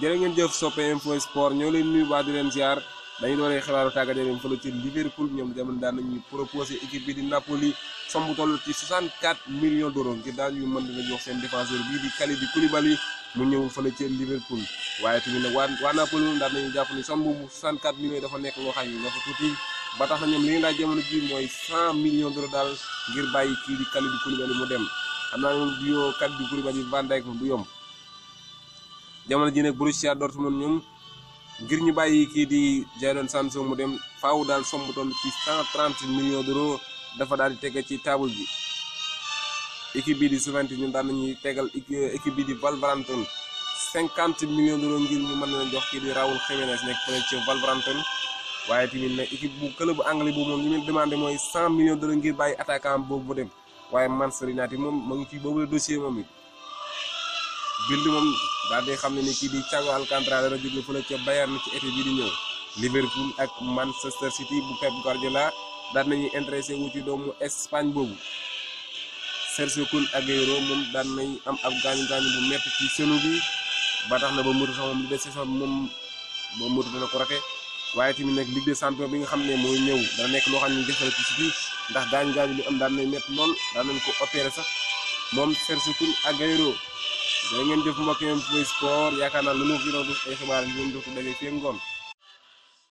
jërë ngeen jëf soppe info sport ñoo leen nuyu baa di leen ziar dañu dooree xibaaru tàggat yaram fële ci Liverpool ñoom demoon daan nañu proposé équipe bi di Napoli somb toll ci jox seen défenseur bii di Kalidou Koulibaly mu ñëw fële ci Liverpool waaye tamit waa waa Napoli daan nañu jàpp somb bu 64 millions dafa nekk loo xam ne dafa tuuti jamono ji mooy 100 millions d'euros daal ngir bàyyi kii di Kalidou Koulibaly mu dem xam naa ne moom du yoo Kalidou Koulibaly Van Dijk du yomb jamono ji nag Borussia Dortmund ñoom ngir ñu bàyyi kii di Jadon Sancho mu dem faaw daal somb toll ci cent trente millions d'euros dafa daal di teg ci table bi. équipe bi di Juventus ñun daan nañuy tegal équipe bi di Wolverhampton cinquante millions d'euros ngir ñu mën leen jox kii di Raúl Jiménez nekk fële ci Wolverhampton waaye tamit nag équipe bu club bu anglais boobu moom li muy demandé mooy cent millions d'euros ngir bàyyi attaquant boobu mu dem waaye Manchester United moom mu ngi ci boobu la dossier moom. daal di xam ne ni kii di Thiago Alcantara dana jóge fële ca Bayern ci été bi di ñëw Liverpool ak Manchester City bu Pep Guardiola daan nañuy intéressé wu ci doomu Espagne boobu Sergio Kun Aguero moom daan nañ am ab gaañu gaañu bu métti ci senu bi ba tax na ba mutu sax moom li de saison bi moom ba mutu dana ko rate waaye tamit nag Ligue des champions bi nga xam ne mooy ñëw dana nekk loo xam ne jëfale ci ndax gaañu gaañu bi am daan nañ métti lool daan nañ ko opéré sax moom Sergio Kun Aguero da ngeen jëf mbokk yi ko yaakaar naa lu nu fi doon ay xibaar ñu doon def ngoon